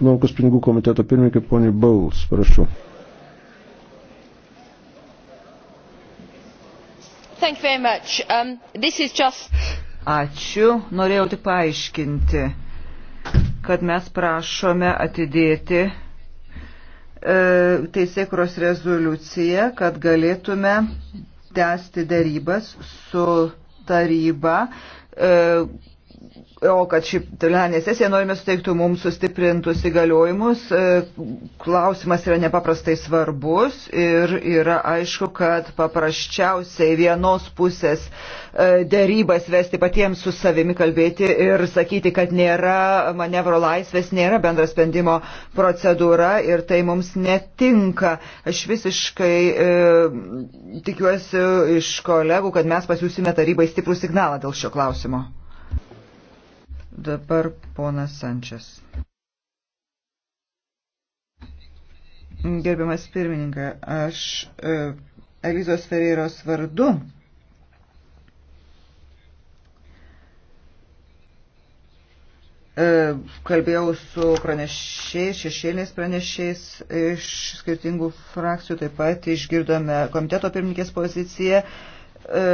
ekonomikos pinigų komiteto pirmininkai poniai Bauls, prašau. Um, just... Ačiū. Norėjau tik paaiškinti, kad mes prašome atidėti e, teisėkros rezoliuciją, kad galėtume tęsti darybas su taryba. E, O kad ši plenarinė sesija norime suteiktų mums sustiprintus įgaliojimus, e, klausimas yra nepaprastai svarbus ir yra aišku, kad paprasčiausiai vienos pusės e, dėrybas vesti patiems su savimi kalbėti ir sakyti, kad nėra manevro laisvės, nėra bendra sprendimo procedūra ir tai mums netinka. Aš visiškai e, tikiuosi iš kolegų, kad mes pasiūsime tarybai stiprų signalą dėl šio klausimo. Dabar ponas Sančias. Gerbiamas pirmininkai, aš e, Elizos Ferreiros vardu e, kalbėjau su pranešėjais, šešėliniais pranešėjais iš skirtingų frakcijų, taip pat išgirdome komiteto pirmininkės poziciją e,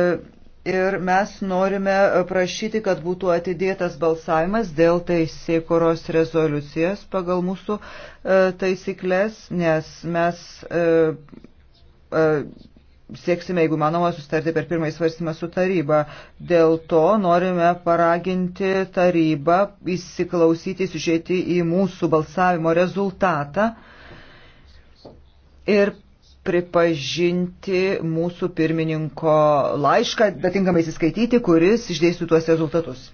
ir mes norime prašyti, kad būtų atidėtas balsavimas dėl teisėkoros rezoliucijas pagal mūsų e, taisyklės, nes mes e, e, sieksime, jeigu manoma, sustarti per pirmąjį svarstymą su taryba. Dėl to norime paraginti tarybą įsiklausyti, žiūrėti į mūsų balsavimo rezultatą ir pripažinti mūsų pirmininko laišką, bet tinkamai įsiskaityti, kuris išdėstų tuos rezultatus.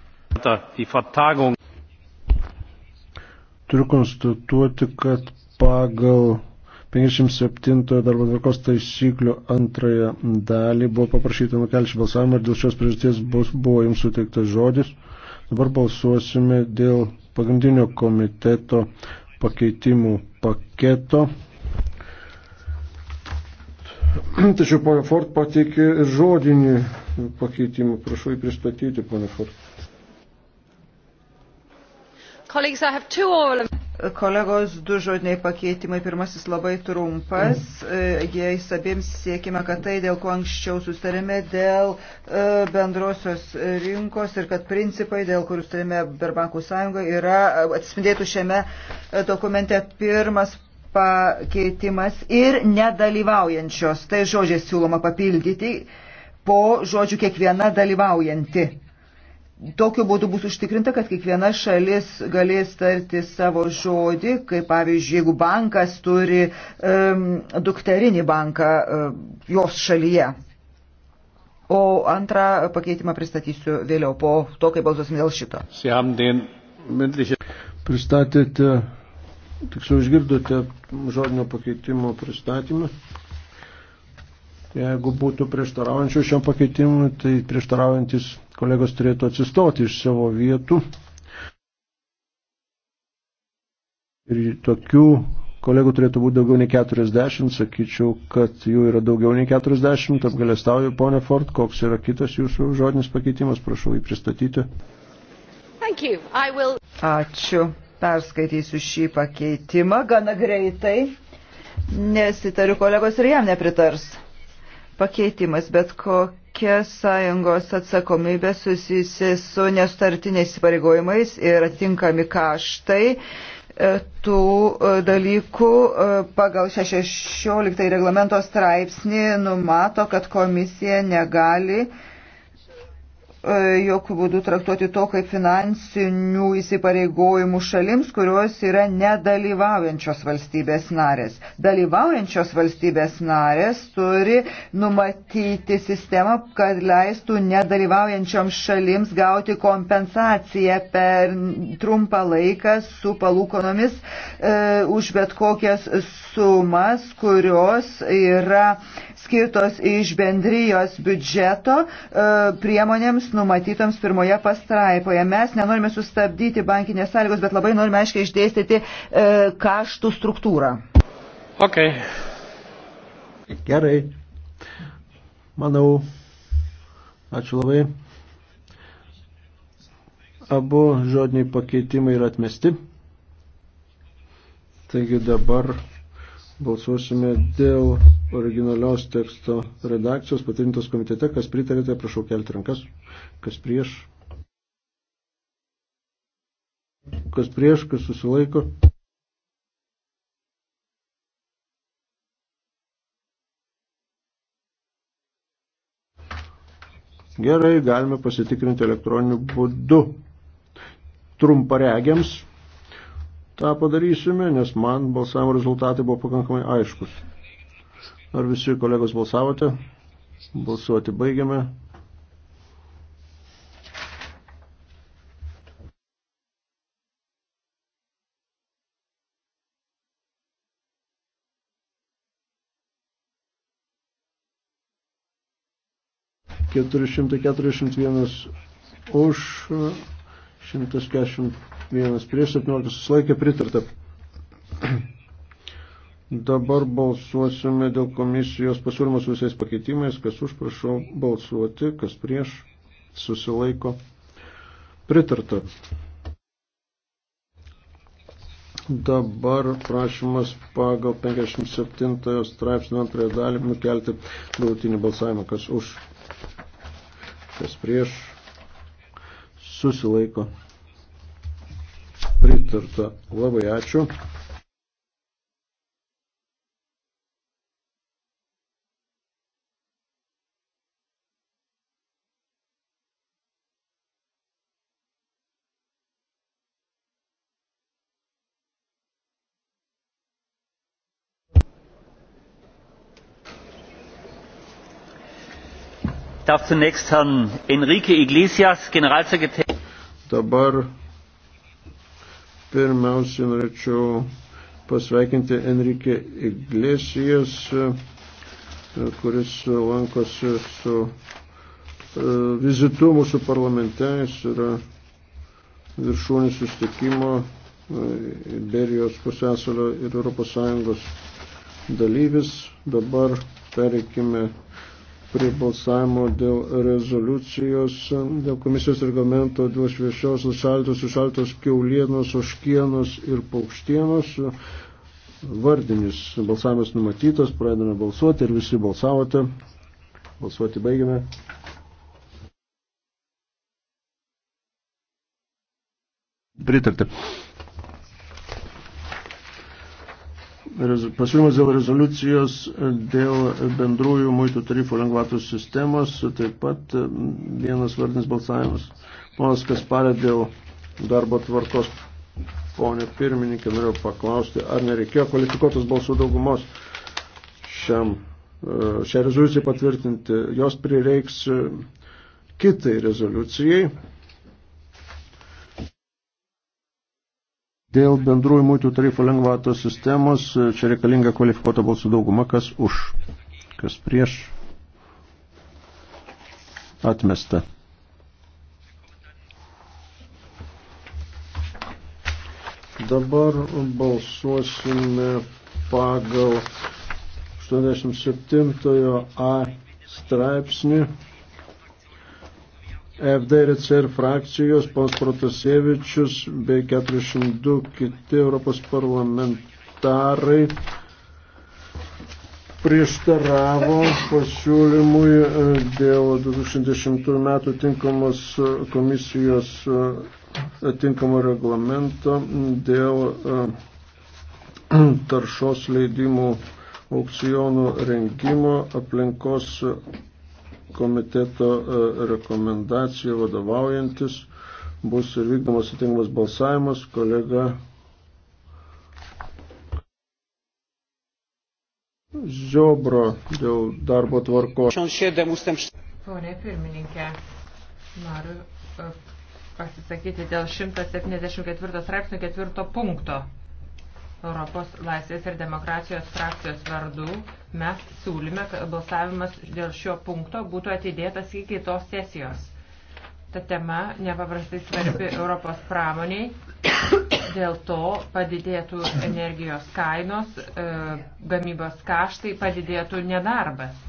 Turiu konstatuoti, kad pagal 57 darbo tvarkos taisyklių antrąją dalį buvo paprašyta nukelti balsavimą ir dėl šios priežasties buvo jums suteiktas žodis. Dabar balsuosime dėl pagrindinio komiteto pakeitimų paketo. Tačiau ponia Ford pateikė ir žodinį pakeitimą. Prašau jį pristatyti, ponia Ford. Kolegos, du žodiniai pakeitimai. Pirmasis labai trumpas. E, jais abiems siekime, kad tai, dėl ko anksčiau sustarėme, dėl e, bendrosios rinkos ir kad principai, dėl kurių sustarėme Berbankų sąjungoje, yra e, atspindėtų šiame dokumente. Pirmas pakeitimas ir nedalyvaujančios. Tai žodžiai siūloma papildyti po žodžių kiekviena dalyvaujanti. Tokiu būdu bus užtikrinta, kad kiekviena šalis galės tarti savo žodį, kaip pavyzdžiui, jeigu bankas turi um, dukterinį banką um, jos šalyje. O antrą pakeitimą pristatysiu vėliau po to, kai balsuosim dėl šito. Pristatėte Tiksliau išgirdote žodinio pakeitimo pristatymą. Jeigu būtų prieštaraujančių šiam pakeitimui, tai prieštaraujantis kolegos turėtų atsistoti iš savo vietų. Ir tokių kolegų turėtų būti daugiau nei 40, sakyčiau, kad jų yra daugiau nei 40, apgalėstauju, ponė Ford, koks yra kitas jūsų žodinis pakeitimas, prašau jį pristatyti. Will... Ačiū perskaitysiu šį pakeitimą gana greitai, nes įtariu kolegos ir jam nepritars. Pakeitimas, bet kokia sąjungos atsakomybė susijusi su nestartiniais įpareigojimais ir atinkami kaštai e, tų e, dalykų e, pagal 16 reglamento straipsnį numato, kad komisija negali uh, E, jokių būdų traktuoti to kaip finansinių įsipareigojimų šalims, kurios yra nedalyvaujančios valstybės narės. Dalyvaujančios valstybės narės turi numatyti sistemą, kad leistų nedalyvaujančioms šalims gauti kompensaciją per trumpą laiką su palūkonomis e, už bet kokias sumas, kurios yra e, skirtos iš bendrijos biudžeto e, priemonėms numatytoms pirmoje pastraipoje. Mes nenorime sustabdyti bankinės sąlygos, bet labai norime aiškiai išdėstyti e, kaštų struktūrą. Okay. Gerai. Manau, ačiū labai. Abu žodiniai pakeitimai yra atmesti. Taigi dabar balsuosime dėl originalios teksto redakcijos patvirtintos komitete. Kas pritarėte, prašau kelti rankas. Kas prieš? Kas prieš, kas susilaiko? Gerai, galime pasitikrinti elektroniniu būdu. Trumparegiams tą padarysime, nes man balsavimo rezultatai buvo pakankamai aiškus. Ar visi kolegos balsavote? Balsuoti baigiame. Keturišimtai keturišimt vienas už, šimtas keturišimt vienas prieš septyniolika susilaikė pritarta. Dabar balsuosime dėl komisijos pasiūlymo su visais pakeitimais. Kas už, prašau balsuoti, kas prieš, susilaiko. Pritarta. Dabar prašymas pagal 57 straipsnio antrąją dalį nukelti galutinį balsavimą. Kas už, kas prieš, susilaiko. Pritarta. Labai ačiū. darf zunächst Herrn Enrique Iglesias, Generalsekretär. Dabar pirmiausia norėčiau pasveikinti Enrique Iglesias, kuris lankosi su e, vizitu mūsų parlamente, jis yra viršūnį sustikimo e, Iberijos pusėsalio ir ES dalyvis. Dabar pereikime prie balsavimo dėl rezoliucijos, dėl komisijos reglamento, dėl šviešios, šaltos, šaltos keulienos, oškienos ir paukštienos. Vardinis balsavimas numatytas, pradedame balsuoti ir visi balsavote. Balsuoti baigiame. Pritarta. pasiūlymas dėl rezoliucijos dėl bendrųjų muitų tarifų lengvatų sistemos, taip pat vienas vardinis balsavimas. Ponas Kasparė dėl darbo tvarkos. Pone pirmininkė, norėjau paklausti, ar nereikėjo kvalifikuotos balsų daugumos šiam, e, šią rezoliuciją patvirtinti. Jos prireiks kitai rezoliucijai. Dėl bendrųjų mūtų tarifų lengvatos sistemos e, čia reikalinga kvalifikuota balsų dauguma, kas už, kas prieš, atmesta. Dabar balsuosime pagal 87 A straipsnį. FD ir CR frakcijos, pons Protasievičius bei 402 kiti Europos parlamentarai prieštaravo pasiūlymui e, dėl 2010 metų tinkamos e, komisijos e, tinkamo reglamento dėl taršos leidimų aukcionų rengimo aplinkos komiteto e, rekomendacijų vadovaujantis bus ir vykdomas atitinkamas balsavimas. Kolega Žiobro dėl darbo tvarko. Pone pirmininkė, noriu e, pasisakyti dėl 174 straipsnio 4 punkto. Europos laisvės ir demokratijos frakcijos vardu mes siūlyme, kad balsavimas dėl šio punkto būtų atidėtas iki kitos sesijos. Ta tema nepaprastai svarbi Europos pramoniai, dėl to padidėtų energijos kainos, e, gamybos kaštai, padidėtų nedarbas.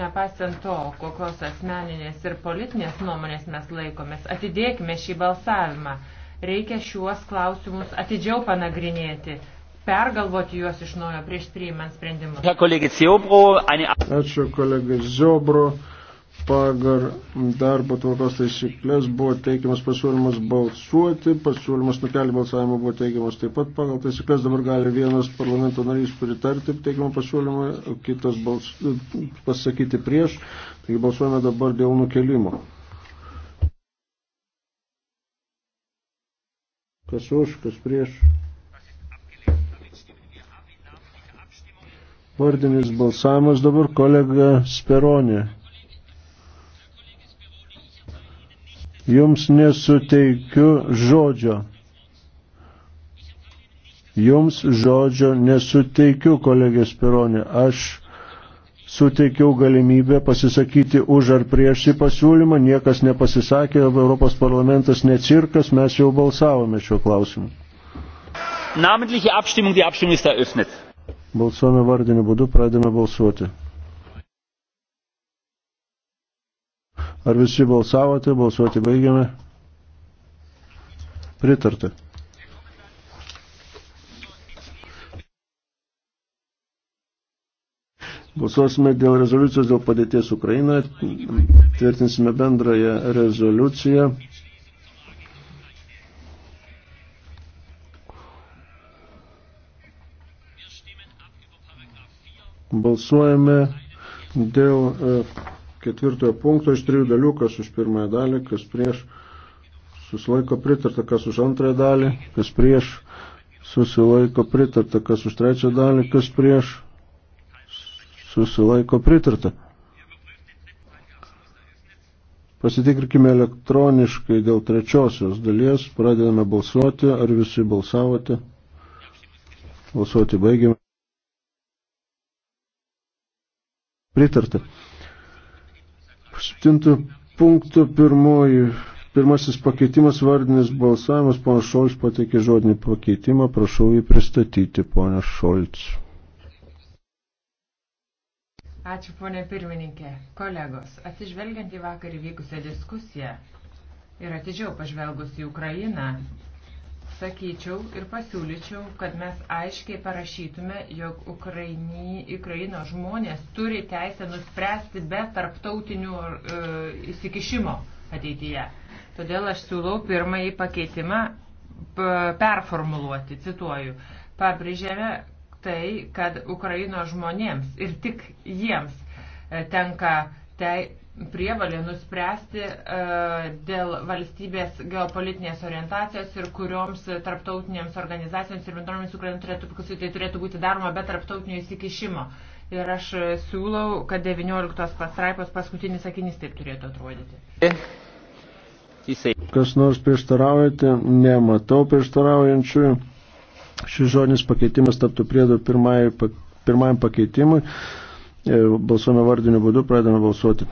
Nepaisant to, kokios asmeninės ir politinės nuomonės mes laikomės, atidėkime šį balsavimą. Reikia šiuos klausimus atidžiau panagrinėti, pergalvoti juos iš naujo prieš priimant sprendimus. Ačiū kolega Ziobro. Pagar darbo tvarkos taisyklės buvo teikiamas pasiūlymas balsuoti, pasiūlymas nukelti balsavimą buvo teikiamas taip pat pagal taisyklės, dabar gali vienas parlamento narys pritarti teikiamą pasiūlymą, kitas bals, pasakyti prieš, taigi balsuojame dabar dėl nukelimo. kas už, kas prieš. Vardinis balsavimas dabar kolega Speronė. Jums nesuteikiu žodžio. Jums žodžio nesuteikiu, kolegė Speronė. Aš suteikiau galimybę pasisakyti už ar prieš šį pasiūlymą, niekas nepasisakė, Europos parlamentas ne cirkas, mes jau balsavome šiuo klausimu. Namentliche Abstimmung, die Abstimmung ist eröffnet. Balsuojame vardiniu būdu, pradėme balsuoti. Ar visi balsavote, balsuoti baigiame? Pritarta. Balsuosime dėl rezoliucijos dėl padėties Ukrainoje, tvirtinsime bendrąją rezoliuciją. Balsuojame dėl e, ketvirtojo punkto iš trijų dalių, kas už pirmąją dalį, kas prieš, susilaiko pritarta, kas už antrąją dalį, kas prieš, susilaiko pritarta, kas už trečią dalį, kas prieš, susilaiko pritarta. Pasitikrinkime elektroniškai dėl trečiosios dalies, pradedame balsuoti, ar visi balsavote. Balsuoti baigiame. Pritarta. Septintų punktų pirmoji, pirmasis pakeitimas vardinis balsavimas, ponas Šolts pateikė žodinį pakeitimą, prašau jį pristatyti, ponas Šolts. Ačiū, ponė pirmininkė. Kolegos, atsižvelgiant į vakar įvykusią diskusiją ir atidžiau pažvelgus į Ukrainą, sakyčiau ir pasiūlyčiau, kad mes aiškiai parašytume, jog Ukrainy, Ukraino žmonės turi teisę nuspręsti be tarptautinių e, įsikišimo ateityje. Todėl aš siūlau pirmąjį pakeitimą performuluoti, cituoju. Pabrėžėme, tai, kad Ukraino žmonėms ir tik jiems e, tenka tei, prievalė nuspręsti e, dėl valstybės geopolitinės orientacijos ir kurioms tarptautinėms organizacijoms ir bendruomenėms Ukraina turėtų priklausyti, tai turėtų būti daroma be tarptautinio įsikišimo. Ir aš e, siūlau, kad 19 pastraipos paskutinis sakinys taip turėtų atrodyti. Kas nors prieštaraujate? Nematau prieštaraujančiųjų šis žodinis pakeitimas taptų priedo pirmai, pirmajam pakeitimui. E, balsuojame vardiniu būdu, pradedame balsuoti.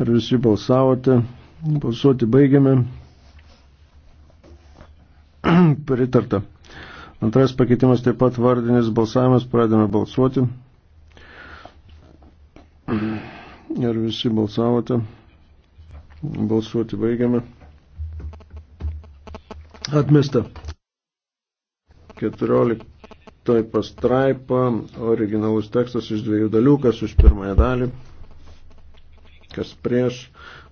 Ar visi balsavote? Balsuoti baigiame. Pritarta. Antras pakeitimas taip pat vardinis balsavimas, pradedame balsuoti. Ir visi balsavote. Balsuoti baigiame. Atmesta. 14 pastraipa, originalus tekstas iš dviejų dalių, kas už pirmąją dalį, kas prieš.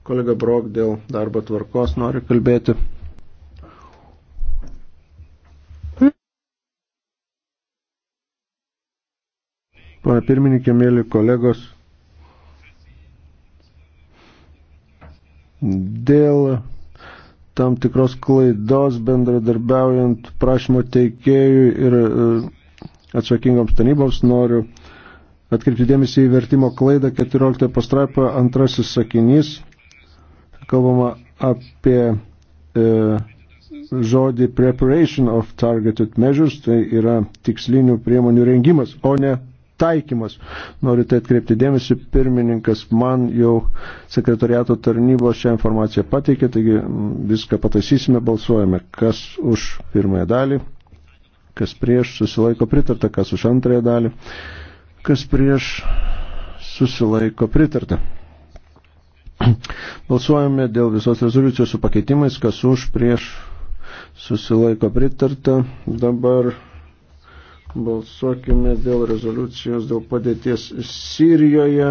Kolega Brok dėl darbo tvarkos nori kalbėti. Pana pirmininkė, mėly kolegos, dėl tam tikros klaidos bendradarbiaujant prašymo teikėjui ir e, atsakingoms tarnyboms noriu atkreipti dėmesį į vertimo klaidą 14 pastraipą antrasis sakinys. Kalbama apie e, žodį preparation of targeted measures, tai yra tikslinių priemonių rengimas, o ne taikymas. Noriu tai atkreipti dėmesį, pirmininkas man jau sekretariato tarnybos šią informaciją pateikė, taigi mm, viską pataisysime, balsuojame, kas už pirmąją dalį, kas prieš, susilaiko pritarta, kas už antrąją dalį, kas prieš, susilaiko pritarta. Balsuojame dėl visos rezoliucijos su pakeitimais, kas už prieš susilaiko pritarta. Dabar Balsuokime dėl rezoliucijos, dėl padėties Sirijoje.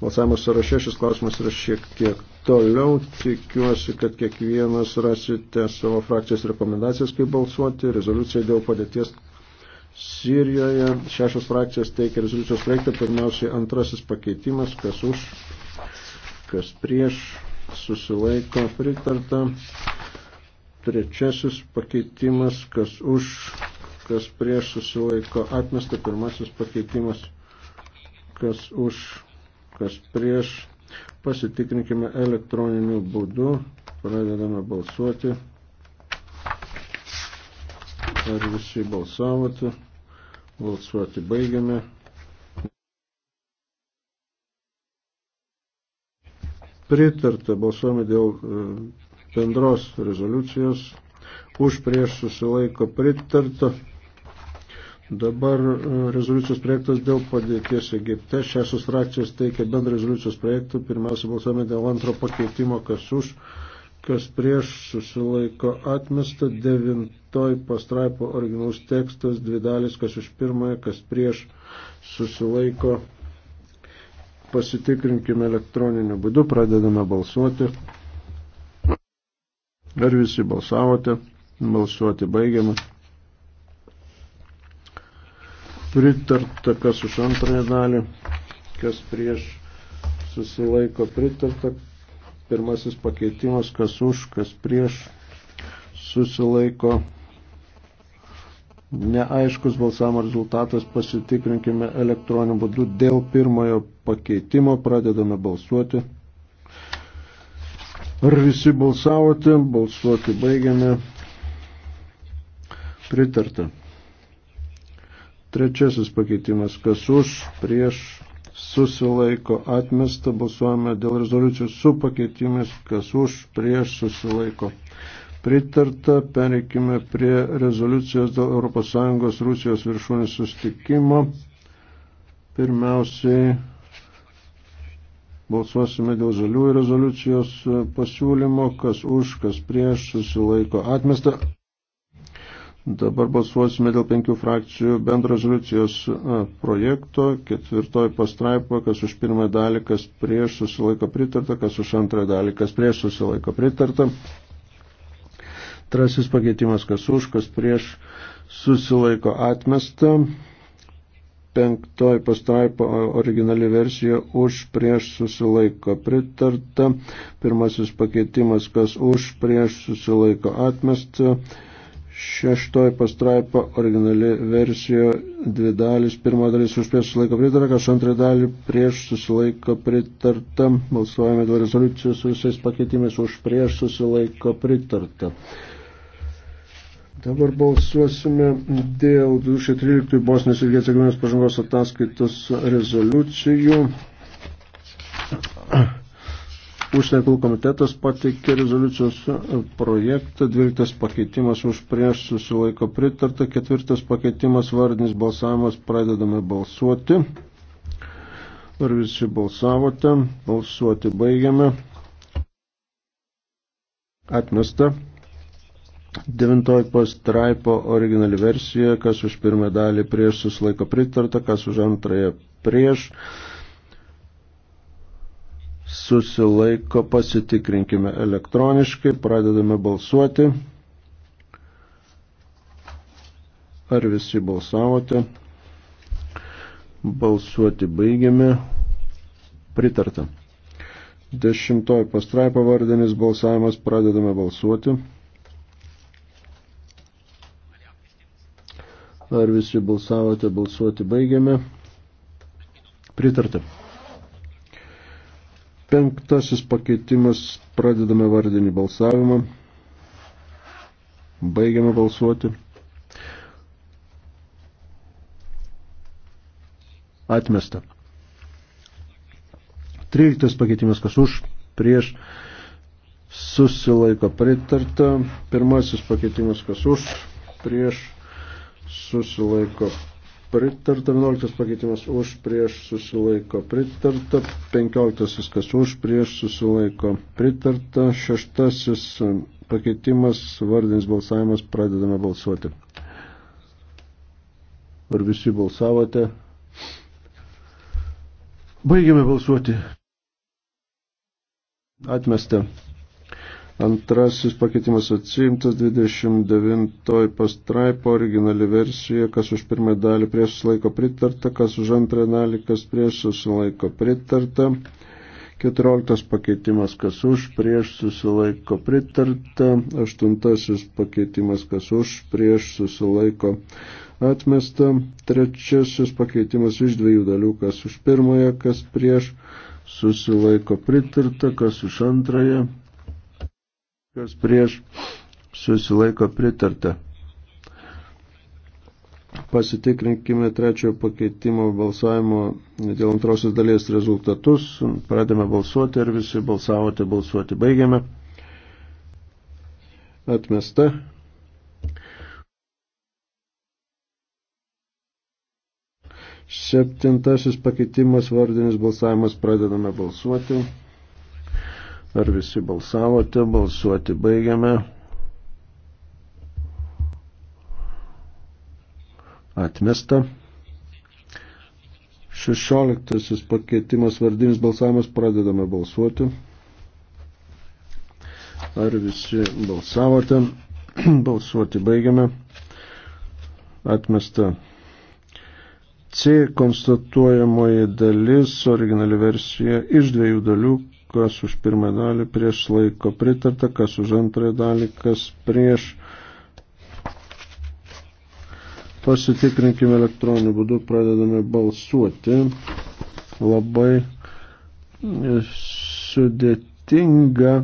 Balsavimo sąraše šis klausimas yra šiek tiek toliau. Tikiuosi, kad kiekvienas rasite savo frakcijos rekomendacijas, kaip balsuoti. Rezoliucija dėl padėties Sirijoje. Šešios frakcijos teikia rezoliucijos projektą. Pirmiausiai antrasis pakeitimas, kas už, kas prieš, susilaiko pritarta. Trečiasis pakeitimas, kas už, kas prieš susilaiko atmesta. Pirmasis pakeitimas, kas už, kas prieš. Pasitikrinkime elektroniniu būdu. Pradedame balsuoti. Ar visi balsavote? Balsuoti baigiame. Pritarta balsuojame dėl bendros rezoliucijos už prieš susilaiko pritarta. Dabar e, rezoliucijos projektas dėl padėties Egipte. Šešios frakcijos teikia bendrą rezoliucijos projektą. Pirmiausia, balsuojame dėl antro pakeitimo, kas už, kas prieš susilaiko atmesta. Devintoj pastraipo originalus tekstas, dvi dalis, kas už pirmąją, kas prieš susilaiko. Pasitikrinkime elektroniniu būdu, pradedame balsuoti. Ar visi balsavote? Balsuoti baigiama. Pritarta, kas už antrąją dalį, kas prieš susilaiko pritarta. Pirmasis pakeitimas, kas už, kas prieš susilaiko. Neaiškus balsavimo rezultatas pasitikrinkime elektroniniu būdu. Dėl pirmojo pakeitimo pradedame balsuoti. Ar visi balsavote? Balsuoti baigiame. Pritarta. Trečiasis pakeitimas. Kas už, prieš, susilaiko, atmesta. Balsuojame dėl rezoliucijos su pakeitimais. Kas už, prieš, susilaiko. Pritarta, pereikime prie rezoliucijos dėl ES Rusijos viršūnės sustikimo. Pirmiausiai Balsuosime dėl žaliųjų rezoliucijos e, pasiūlymo, kas už, kas prieš, susilaiko atmesta. Dabar balsuosime dėl penkių frakcijų bendro rezoliucijos e, projekto, ketvirtoj pastraipo, kas už pirmąją dalį, kas prieš susilaiko pritarta, kas už antrąją dalį, kas prieš susilaiko pritarta. Trasis pakeitimas, kas už, kas prieš susilaiko atmesta penktoji pastraipa originali versija už prieš susilaiko pritarta, pirmasis pakeitimas, kas už prieš susilaiko atmesta, šeštoji pastraipa originali versija dvi dalis, pirma dalis už prieš susilaiko pritarta, kas antra dalį prieš susilaiko pritarta, balsuojame dėl rezoliucijos su visais pakeitimais už prieš susilaiko pritarta. Dabar balsuosime dėl 2013 Bosnijos ir Hercegovinos pažangos ataskaitos rezoliucijų. Užsienio reikalų komitetas pateikė rezoliucijos projektą, dvyliktas pakeitimas už prieš susilaiko pritarta, ketvirtas pakeitimas vardinis balsavimas, pradedame balsuoti. Ar visi balsavote? Balsuoti baigiame. Atmesta. Devintoji pastraipo originali versija, kas už pirmą dalį prieš susilaiko pritarta, kas už antrąją prieš susilaiko pasitikrinkime elektroniškai, pradedame balsuoti. Ar visi balsavote? Balsuoti baigiame. Pritarta. Dešimtoji pastraipo vardinis balsavimas, pradedame balsuoti. Ar visi balsavote, balsuoti baigiame. Pritarta. Penktasis pakeitimas, pradedame vardinį balsavimą. Baigiame balsuoti. Atmesta. Tryliktas pakeitimas, kas už, prieš, susilaiko pritarta. Pirmasis pakeitimas, kas už, prieš, susilaiko pritarta, 11 pakeitimas už prieš susilaiko pritarta, 15 viskas už prieš susilaiko pritarta, 6 pakeitimas vardinis balsavimas pradedame balsuoti. Ar visi balsavote? Baigiame balsuoti. Atmesta. Antrasis pakeitimas atsiimtas 29 pastraipo originali versija, kas už pirmąją dalį prieš susilaiko pritarta, kas už antrąją dalį, kas prieš susilaiko pritarta. 14 pakeitimas, kas už prieš susilaiko pritarta. 8 pakeitimas, kas už prieš susilaiko atmesta. Trečiasis pakeitimas iš dviejų dalių, kas už pirmąją, kas prieš susilaiko pritarta, kas už antrąją kas prieš susilaiko pritarta. Pasitikrinkime trečiojo pakeitimo balsavimo dėl antrosios dalies rezultatus. Pradėme balsuoti ir visi balsavote balsuoti. Baigėme. Atmesta. Septintasis pakeitimas vardinis balsavimas pradedame balsuoti. Ar visi balsavote? Balsuoti baigiame. Atmesta. 16 pakeitimas vardinis balsavimas. Pradedame balsuoti. Ar visi balsavote? Balsuoti baigiame. Atmesta. C konstatuojamoji dalis, originali versija iš dviejų dalių kas už pirmą dalį prieš laiko pritarta, kas už antrąją dalį, kas prieš. Pasitikrinkime elektroniniu būdu, pradedame balsuoti. Labai sudėtinga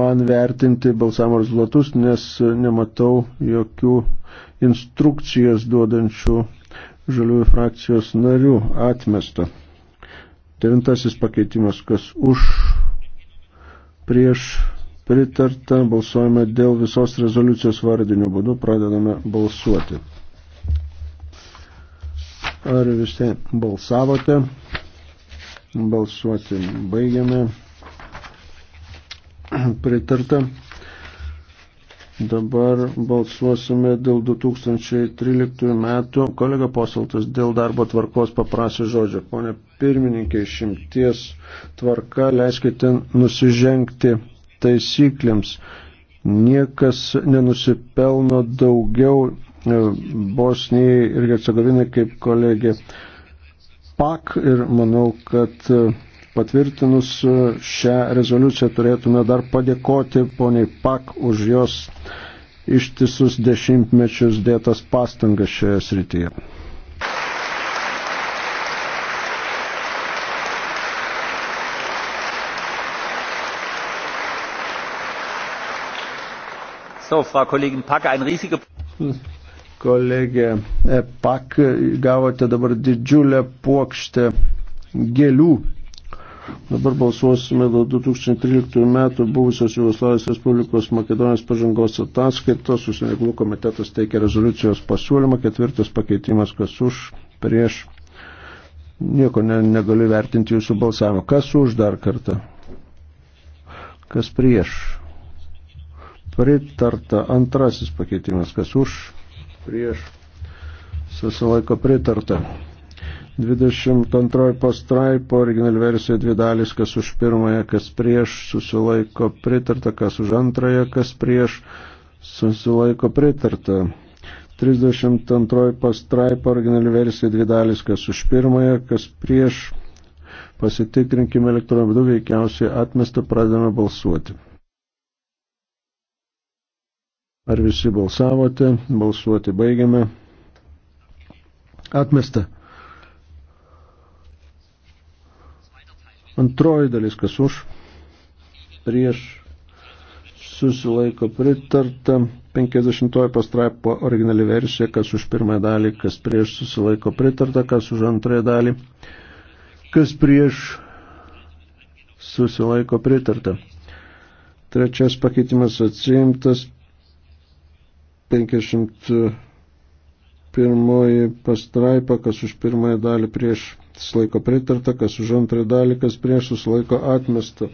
man vertinti balsavimo rezultatus, nes nematau jokių instrukcijas duodančių žaliųjų frakcijos narių atmestą. Devintasis pakeitimas, kas už, prieš, pritarta, balsuojame dėl visos rezoliucijos vardinių būdų, pradedame balsuoti. Ar visi balsavote? Balsuoti baigiame. Pritarta. Dabar balsuosime dėl 2013 metų. Kolega Posaltas dėl darbo tvarkos paprasė žodžio. Pone pirmininkė, šimties tvarka leiskite nusižengti taisyklėms. Niekas nenusipelno daugiau e, Bosnijai ir Hercegovinai kaip kolegė Pak ir manau, kad e, Patvirtinus šią rezoliuciją turėtume dar padėkoti poniai Pak už jos ištisus dešimtmečius dėtas pastangas šioje srityje. So, Frau Kollegin Pack, ein riesiger. Kolegė eh, Pak, gavote dabar didžiulę puokštę gėlių. Dabar balsuosime dėl 2013 metų buvusios Jugoslavijos Respublikos Makedonijos pažangos ataskaitos. Užsienio reikalų komitetas teikia rezoliucijos pasiūlymą. Ketvirtas pakeitimas, kas už, prieš. Nieko ne, negaliu vertinti jūsų balsavimo. Kas už dar kartą? Kas prieš? Pritarta antrasis pakeitimas, kas už, prieš. Susilaiko pritarta. 22 pastraipo, originali versija dvi dalys, kas už pirmąją, kas prieš, susilaiko pritarta, kas už antrąją, kas prieš, susilaiko pritarta. 32 pastraipo, originali versija dvi dalys, kas už pirmąją, kas prieš, pasitikrinkime elektroniniu būdu, veikiausiai atmestą pradame balsuoti. Ar visi balsavote? Balsuoti baigiame. Atmesta. Antroji dalis, kas už, prieš susilaiko pritarta. 50 pastraipo originali versija, kas už pirmąją dalį, kas prieš susilaiko pritarta, kas už antrąją dalį, kas prieš susilaiko pritarta. Trečias pakeitimas atsiimtas. 50 pirmoji pastraipa, kas už pirmąją dalį prieš susilaiko pritarta, kas už antrąją dalį, kas prieš susilaiko atmesta.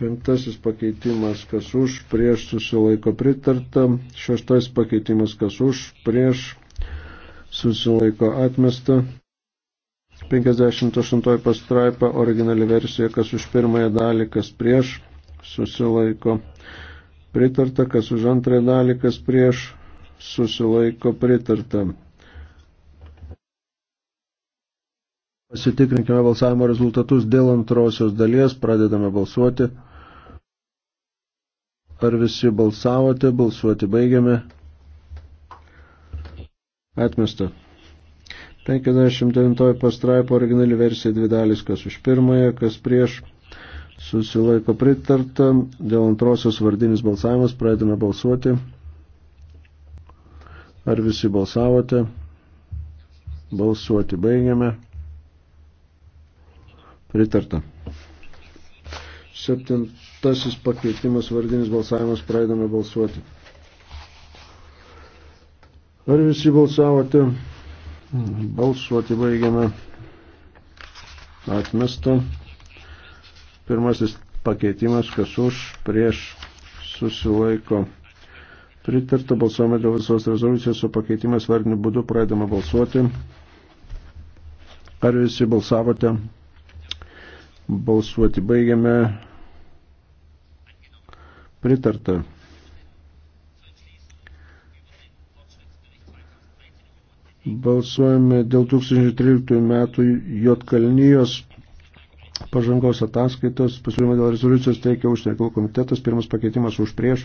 Penktasis pakeitimas, kas už, prieš susilaiko pritarta. Šeštasis pakeitimas, kas už, prieš susilaiko atmesta. 58 pastraipa, originali versija, kas už pirmąją dalį, kas prieš susilaiko pritarta, kas už antrąją dalį, kas prieš susilaiko pritarta. Pasitikrinkime balsavimo rezultatus dėl antrosios dalies, pradedame balsuoti. Ar visi balsavote, balsuoti baigiame. Atmesta. 59 pastraipo originali versija dvi dalis, kas už pirmąją, kas prieš. Susilaiko pritarta. Dėl antrosios vardinis balsavimas pradedame balsuoti. Ar visi balsavote? Balsuoti baigiame. Pritarta. Septintasis pakeitimas, vardinis balsavimas, praeidame balsuoti. Ar visi balsavote? Balsuoti baigiame. Atmesta. Pirmasis pakeitimas, kas už, prieš, susilaiko. Pritarta balsuojame dėl visos rezoliucijos, o pakeitimas vardiniu būdu pradedama balsuoti. Ar visi balsavote? Balsuoti baigiame. Pritarta. Balsuojame dėl 2013 metų Jotkalnyjos pažangos ataskaitos. Pasiūlymą dėl rezoliucijos teikia užsienio komitetas. Pirmas pakeitimas už prieš.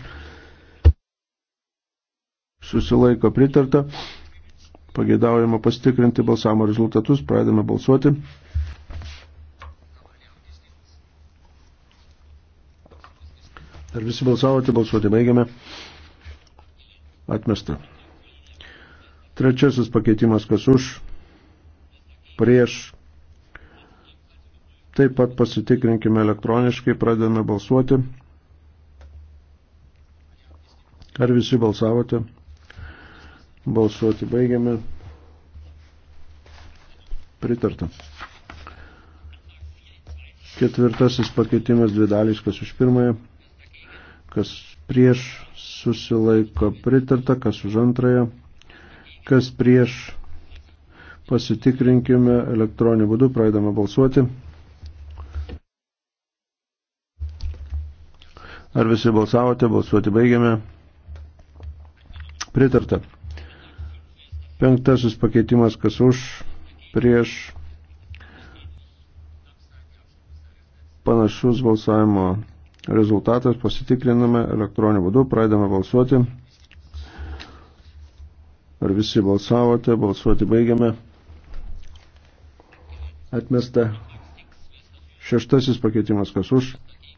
Susilaiko pritarta. Pageidaujama pasitikrinti balsavimo rezultatus. Pradedame balsuoti. Ar visi balsavote? Balsuoti baigiame. Atmesta. Trečiasis pakeitimas, kas už, prieš. Taip pat pasitikrinkime elektroniškai, pradedame balsuoti. Ar visi balsavote? Balsuoti baigiame. Pritarta. Ketvirtasis pakeitimas dvi dalys, kas už pirmąją kas prieš susilaiko pritarta, kas už antrąją, kas prieš pasitikrinkime elektroniniu būdu, praeidame balsuoti. Ar visi balsavote, balsuoti baigiame. Pritarta. Penktasis pakeitimas, kas už, prieš panašus balsavimo Rezultatas pasitikriname elektroniniu būdu, pradedame balsuoti. Ar visi balsavote, balsuoti baigiame. Atmesta. Šeštasis pakeitimas, kas už,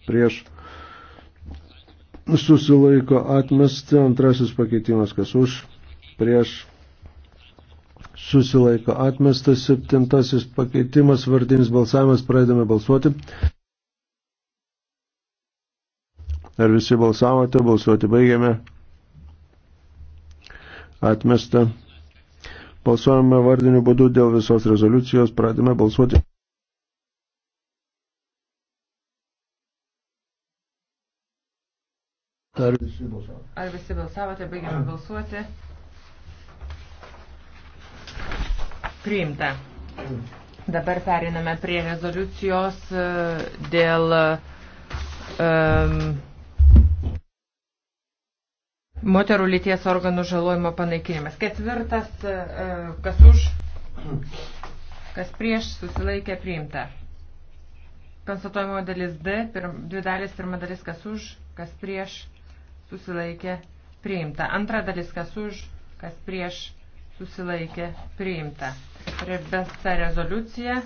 prieš. Susilaiko atmesta. Antrasis pakeitimas, kas už, prieš susilaiko atmestas septintasis pakeitimas, vardinis balsavimas, pradedame balsuoti. Ar visi balsavote? Balsuoti baigiame. Atmesta. Balsuojame vardiniu būdu dėl visos rezoliucijos. Pradėme balsuoti. Ar visi balsavote? Ar visi balsavote? Baigiame balsuoti. Priimta. Dabar periname prie rezoliucijos e, dėl um, moterų lyties organų žalojimo panaikinimas. Ketvirtas, e, e, kas už, kas prieš, susilaikė priimta. Konstatuojamo dalis D, pirm, dvi dalis, pirma dalis, kas už, kas prieš, susilaikė priimta. Antra dalis, kas už, kas prieš, susilaikė priimta. Rebesta rezoliucija,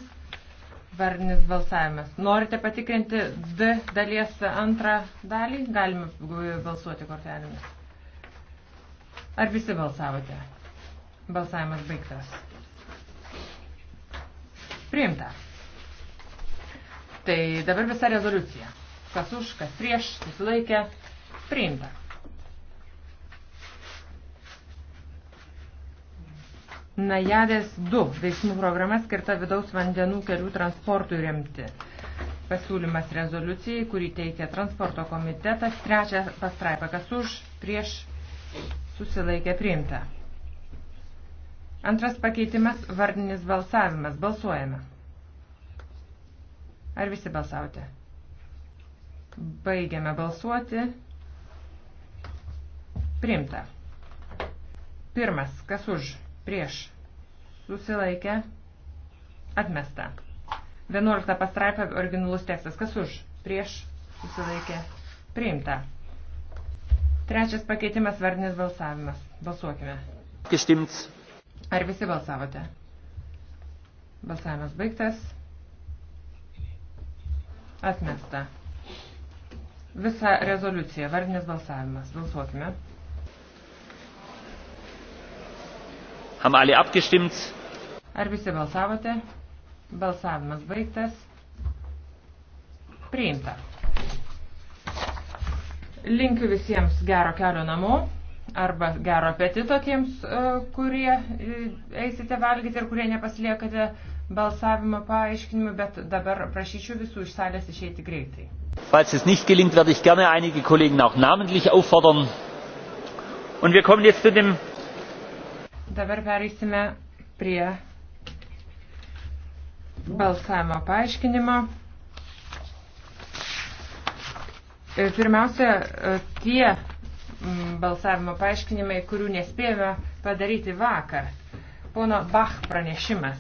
varnis balsavimas. Norite patikrinti D dalies antrą dalį? Galime e, balsuoti kortelėmis. Ar visi balsavote? Balsavimas baigtas. Priimta. Tai dabar visa rezoliucija. Kas už, kas prieš, susilaikė. Priimta. Najadės 2 veiksmų programa skirta vidaus vandenų kelių transportui remti. Pasiūlymas rezoliucijai, kurį teikia transporto komitetas, trečia pastraipa, kas už, prieš, Susilaikė priimta. Antras pakeitimas – vardinis balsavimas. Balsuojame. Ar visi balsavote? Baigiame balsuoti. Priimta. Pirmas, kas už, prieš, susilaikę, atmesta. 11 pastraipė originalus tekstas, kas už, prieš, susilaikę, priimta. Trečias pakeitimas vardinis balsavimas. Balsuokime. Gestimts. Ar visi balsavote? Balsavimas baigtas. Atmesta. Visa rezoliucija. Vardinis balsavimas. Balsuokime. Haben alle abgestimmt? Ar visi balsavote? Balsavimas baigtas. Priimta. Linkiu visiems gero kelio namo arba gero apetito tiems, e, kurie e, eisite valgyti ir kurie nepasiliekate balsavimo paaiškinimų, bet dabar prašyčiau visų iš salės išeiti greitai. Falls es nicht gelingt, werde ich gerne einige Kollegen auch namentlich auffordern. Und wir kommen jetzt zu dem. Dabar pereisime prie balsavimo paaiškinimo. E, pirmiausia, e, tie mm, balsavimo paaiškinimai, kurių nespėjome padaryti vakar. Pono Bach pranešimas.